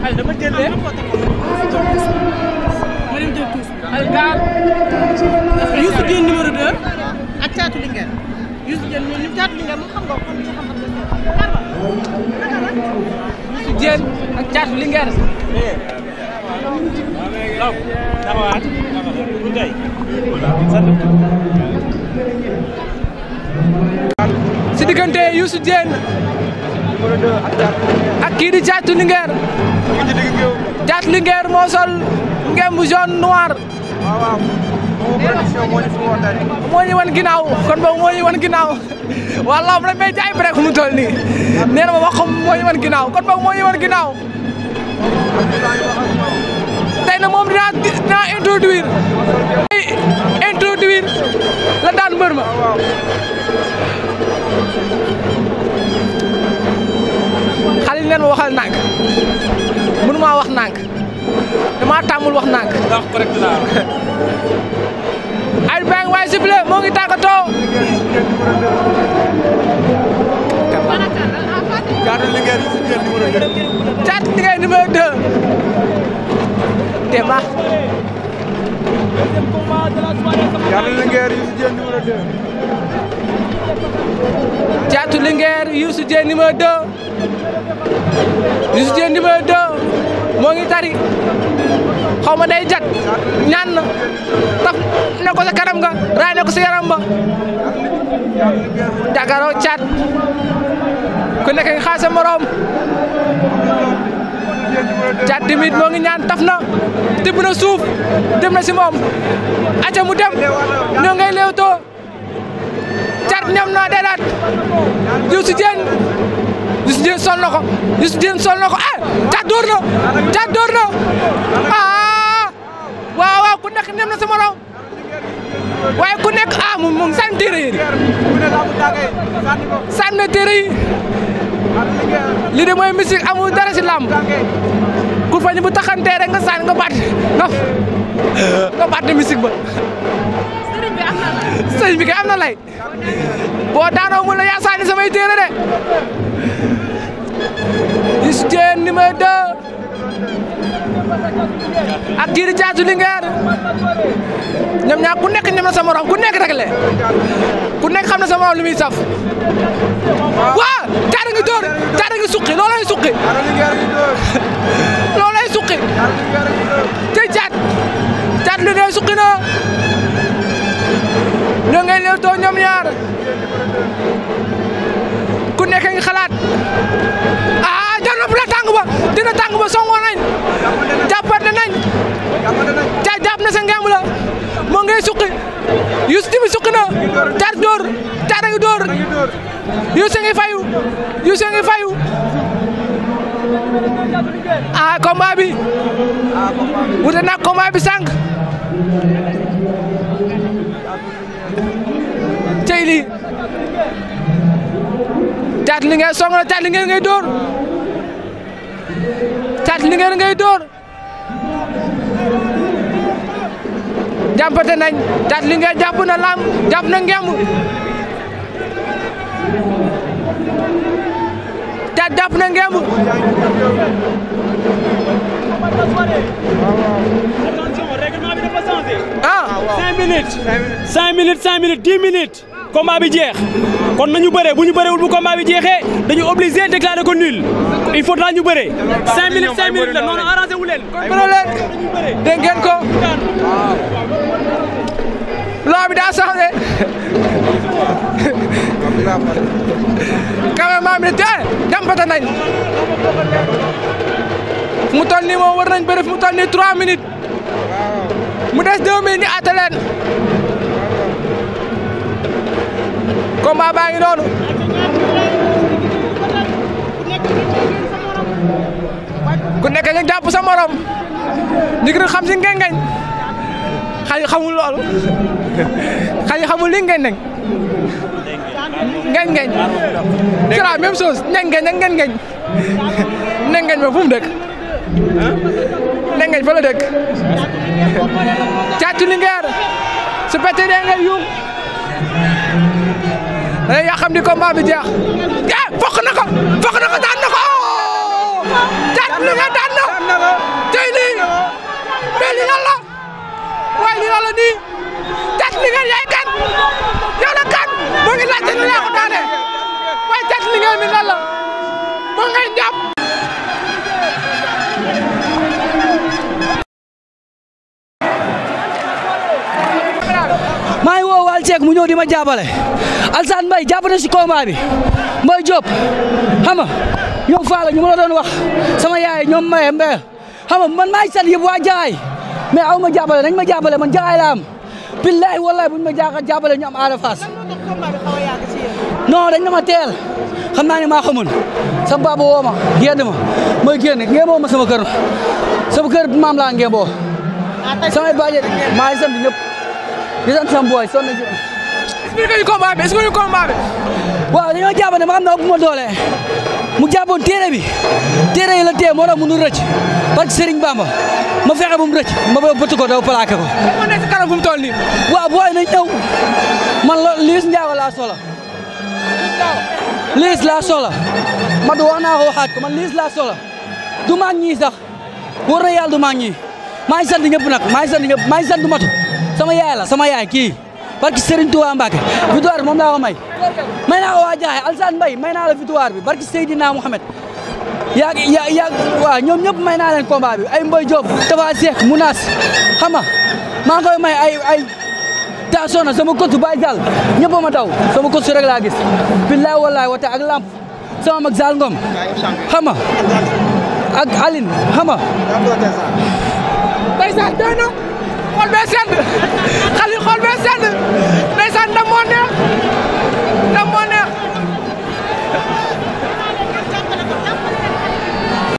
Aliou dama ak Thiatou li nga xamante ne Youssou Dieng ak ak kii di Thiatou Linguère Thiatou Linguère moo sol ngemb jaune noir moo wan ginnaaw kon boog moo wan ginnaaw walla rek bay jaay break fu mu toll na ma wax ko wan ginnaaw kon boog moo wan ginnaaw tey na moom dinaa dinaa introduire wax correct la moo ngi tàggatoo caatu Linguère caatu Linguère numéro 2 te ba caatu moo ngi xaw ma day ñaan na taf ne ko sa kanam nga raay ko sa yaram ba jàkkaaroo caat ku nekk nga xaase moroom caat timit moo ngi ñaan taf na tibb na suuf dem na si moom aca mu dem ñoo ngay leewtoo caat ñam na delaat jiw si jeen Youssou Dieng sol na ko Youssou Dieng sol na ko ah eh, Thiat door na Thiat door na Xaadim dem na sama raw waaye ku nekk ah moom moom sànni téere yi sànni na téere yi lii de mooy musique amul dara si làmb ku fañ bu taxantee rek nga sànni nga baat nga nga baat na musique ba sëñ bi kay na lay boo daanoo mu la yaa sànni samay téere de is jeen numéro 2 ak Djily Thiatou Linguère ñoom ñaar ku nekk ñoom na sa morom ku nekk rek le ku xam na sa lu muy saf waaw Thiatou ngi dóor Thiatou ngi suqi loolay suqi loolay suqi te Thiatou Thiatou Linguère suqi na ñoo ngay leew too ñoom ñaar ku nekk ngi xalaat ah! ba dina tàng ba songoo nañ jàppante nañ ca jàpp na sa ngemb la moo ngay suqi Youssou tamit suqi na car dóor car a ngi dóor fayu Youssou ngi fayu ah combat bi na combat bi sànq cey lii caat li ngay song Thiaat Linguère ngay door jàppante nañ Thiaat Linguère jàpp na lamb jàpp na ngemb Thiaat jàpp na ngemb ah. cinq minutes cinq minutes cinq minutes dix minutes combat bi jeex. kon nañu bëree bu ñu bëreewul bu combat bi jeexee dañu obligé déclarer ko nul il faudra ñu bëree. 5 minutes 5 minutes la noonu arrangé wu leen. kon bëre leen dégg ngeen ko. loo bi daa soxla cameraman bi te jàmpata nañ fu mu toll nii moom war nañ bëri fu mu toll nii 3 minutes mu des 2 minutes ñu àtte combat baa ngi noonu ku nekk nga jàpp sa morom ñu ngi xam si ngengeñ xay xamul loolu xay xamul li ngengeñ ngengeñ c'est la même chose ngengeñ ak ngengeñ ngengeñ ma fu mu dëkk ngengeñ fa la dëkk càccu li ngeer su fekkee da ngay yuum yaa xam ni combat bi jeex eh fokk na ko fokk na ko daan na ko daan na na tey lii mais lii la waaye lii la nii tet li ngeen kan yow kan mu ngi laajte ni yaa ko daanee waaye tet li ngeen mi Alsaan Mbaye jàpp na si combat bi Mbaye Diop xam ñu ma la doon wax sama yaay ñoom Mbaye Mbaye xam nga man maa ngi sant yëpp waa Jaxaay mais aw ma jàppale nañ ma jàppale man Jaxaay la am billaay wallaay buñ ma jaaxal jàppale ñu am Ada Fass non dañ na ma teel xam naa ne maa xamul sama baba woo ma génn ma mooy génn ngémboo ma sama kër sama kër maam laa ngémboo samay bàjjen maa ngi sant ñëpp di sant sama booy expliqué ñu combat bi expliqué ñu combat bi. waaw dañoo jàpp ne ma xam ne ëpp ma doole mu jàppoon téere bi téere yi la téye moo tax mënul rëcc parce que Serigne ma fexe ba mu rëcc ma bëtt ko daw plaqué ko. ma nekk kanam fu mu toll nii. waaw booy nañ ñëw man loolu liis njaaw laa soxla. liis laa soxla ma du wax naa ko waxaat man liis laa soxla du maag ñii sax wóor na yàlla du maag ñii maa ngi sant nag maa ngi sant ñëpp maa ngi sant matu sama yaay la sama yaay kii. barki Serigne Touba Mbacke victoire moom laa ko may may naa ko waa Alsaan Mbay may naa la victoire bi barki Seydina Mouhamed yaa yaa yaa ñoom may naa leen combat bi ay Mboy Diop Tafa Seck Mounas xam maa ngi may ay ay taasoo na sama coach ma daw sama coach rek laa gis billaay wallaay wata sama mag Zal Ngom bay sa doy xol bee sedd